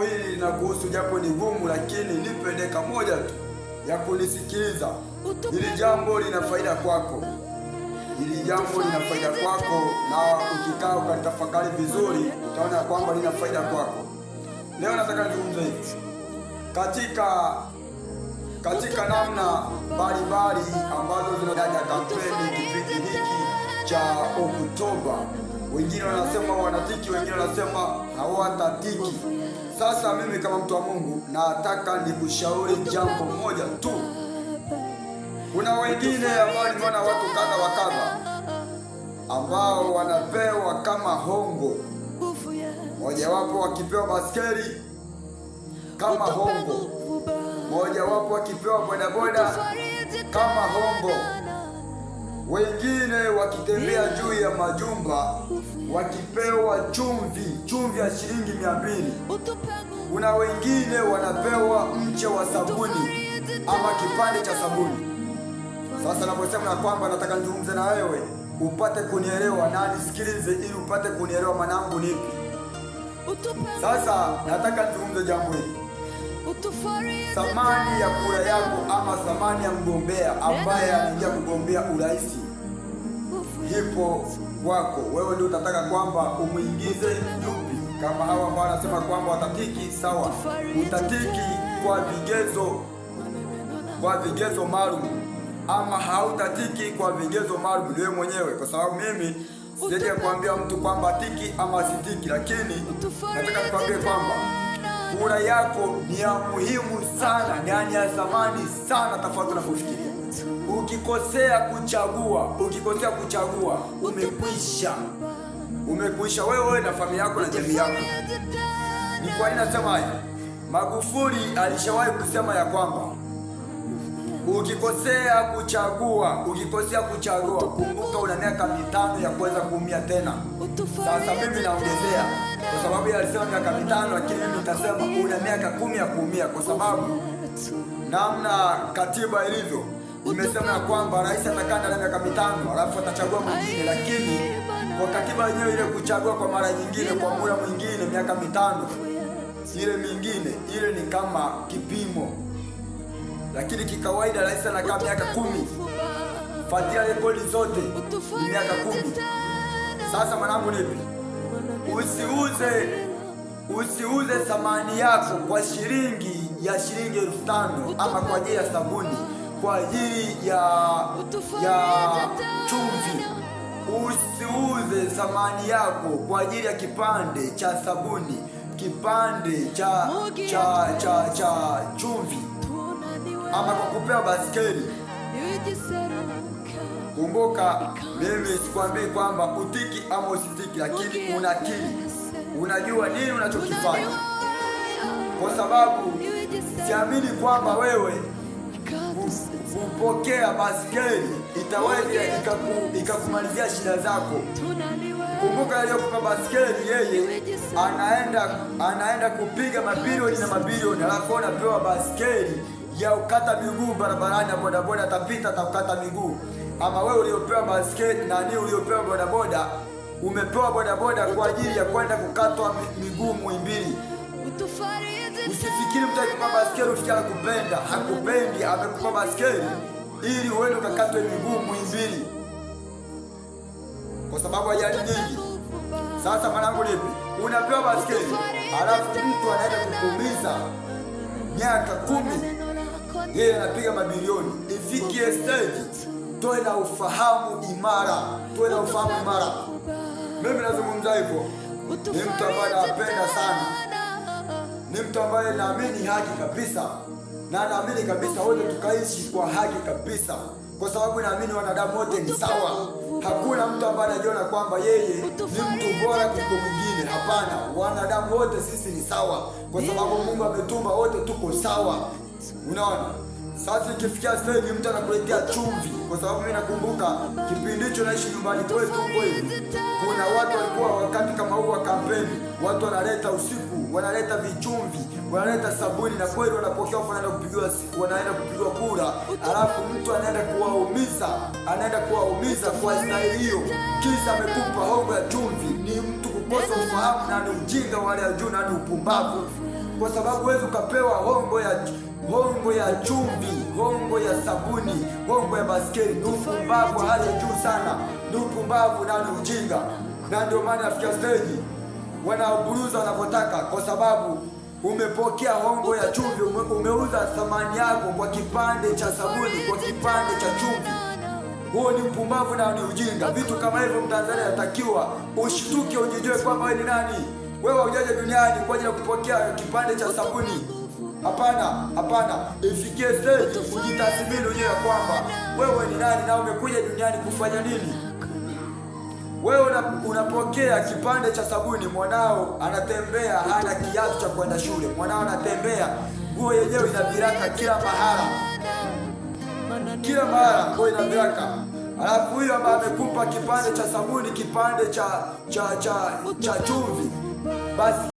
hili inakuhusu japo ni ngumu, lakini nipe dakika moja tu ya kunisikiliza. Hili jambo lina faida kwako, hili jambo lina faida kwako, na ukikaa ukatafakari vizuri utaona kwamba lina faida kwako. Leo nataka nizungumze hivi katika katika namna mbalimbali ambazo zinadaja kampeni kipindi hiki cha Oktoba. Wengine wanasema wanatiki, wengine wanasema hawatatiki. Sasa mimi kama mtu wa Mungu nataka nikushauri jambo moja tu. Kuna wengine ambao nimeona watu kadha wa kadha ambao wanapewa kama hongo, mojawapo wakipewa baskeli kama hongo, mojawapo wakipewa bodaboda kama hongo wengine wakitembea juu ya majumba wakipewa chumvi chumvi ya shilingi mia mbili. Kuna wengine wanapewa mche wa sabuni ama kipande cha sabuni. Sasa naposema na kwamba nataka nizungumze na wewe upate kunielewa na nisikilize, ili upate kunielewa mwanangu nipi. Sasa nataka nizungumze jambo hili thamani ya kura yako ama thamani ya mgombea ambaye anaingia kugombea urais hipo kwako wewe, ndio utataka kwamba umwingize yupi? Kama hawa ambao wanasema kwamba watatiki, sawa, utatiki kwa vigezo kwa vigezo maalum, ama hautatiki kwa vigezo maalum, ni wewe mwenyewe, kwa sababu mimi sijaje kuambia mtu kwamba tiki ama sitiki, lakini nataka kuambia kwamba kura yako ni ya muhimu sana, yani ya zamani sana, tofauti na kufikiria. Ukikosea kuchagua, ukikosea kuchagua, umekwisha, umekwisha wewe na familia yako na jamii yako. Ni kwa nini nasema haya? Magufuli alishawahi kusema ya kwamba ukikosea kuchagua, ukikosea kuchagua, kumbuka una miaka mitano ya kuweza kuumia tena. Sasa mimi naongezea kwa sababu yeye alisema miaka mitano, lakini nitasema una miaka kumi ya kuumia, kwa sababu namna katiba ilivyo imesema ya kwamba rais atakaa na miaka mitano alafu atachagua mwingine, lakini kwa katiba yenyewe ile kuchagua kwa mara nyingine kwa muda mwingine miaka mitano ile mingine ile ni kama kipimo, lakini kikawaida rais anakaa miaka kumi. Fatia rekodi zote ni miaka kumi. Sasa mwanangu nipi? usiuze usiuze samani yako kwa shilingi ya shilingi elfu tano ama kwa ajili ya sabuni, kwa ajili ya ya chumvi. Usiuze samani yako kwa ajili ya kipande cha sabuni, kipande cha cha cha cha chumvi, ama kwa kupewa baskeli Kumbuka mimi sikwambii kwamba utiki ama usitiki, lakini unakili, unajua nini unachokifanya, kwa sababu siamini kwamba wewe kupokea baskeli itaweza ikakumalizia shida zako. Kumbuka aliyokupa baskeli yeye anaenda anaenda kupiga mabilioni na mabilioni, alafu anapewa baskeli ya ukata miguu barabarani, na bodaboda atapita atakata miguu ama wewe uliopewa basketi nani, uliopewa bodaboda, umepewa bodaboda kwa ajili ya kwenda kukatwa miguu Muhimbili. Usifikiri mtu akikupa basketi ufikia anakupenda, hakupendi. Amekupa basketi ili uende ukakatwe miguu Muhimbili kwa sababu ajali nyingi. Sasa mwanangu, lipi unapewa basketi alafu mtu anaenda kukuumiza miaka kumi, yeye anapiga mabilioni, ifikie stage tuwe na ufahamu imara, tuwe na ufahamu imara. Mimi nazungumza hivyo, ni mtu ambaye napenda sana, ni mtu ambaye naamini haki kabisa, na naamini kabisa wote tukaishi kwa haki kabisa, kwa sababu naamini wanadamu wote ni sawa. Hakuna mtu ambaye anajiona kwamba yeye ni mtu bora kuliko mwingine. Hapana, wanadamu wote sisi ni sawa, kwa sababu Mungu ametuma wote, tuko sawa. Unaona? Sasa ikifikia stage mtu anakuletea chumvi, kwa sababu mimi nakumbuka kipindi hicho naishi nyumbani kwetu kweli, kuna watu walikuwa wakati kama huu wa kampeni, watu wanaleta usiku, wanaleta vichumvi, wanaleta sabuni, na kweli wanapokea wanaenda kupigiwa siku, wanaenda kupigwa kura, alafu mtu anaenda kuwaumiza, anaenda kuwaumiza kwa staili hiyo, kisa amekupa hongo ya chumvi. Ni mtu kukosa ufahamu na ni ujinga wale ya juu na ni upumbavu, kwa sababu wewe ukapewa hongo ya hongo ya chumvi, hongo ya sabuni, hongo ya baskeli. Nupumbavu hali ya juu sana, nupumbavu na nani ujinga, na ndio maana nafikia steji wanaburuza wanavyotaka, kwa sababu umepokea hongo ya chumvi, umeuza thamani yako kwa kipande cha sabuni, kwa kipande cha chumvi. Huo ni mpumbavu na ni ujinga. Vitu kama hivyo Mtanzania anatakiwa ushtuke, ujijue kwamba wewe ni nani. Wewe haujaja duniani kwa ajili ya kupokea kipande cha sabuni. Hapana, hapana, ifikie stage ujitathmini wenyewe ya kwamba wewe ni nani na umekuja duniani kufanya nini. Wewe unapokea kipande cha sabuni, mwanao anatembea hana kiatu cha kwenda shule, mwanao anatembea nguo yenyewe ina viraka kila mahala, kila mahala nguo ina viraka alafu huyo ambaye amekupa kipande cha sabuni, kipande cha cha cha cha chumvi, basi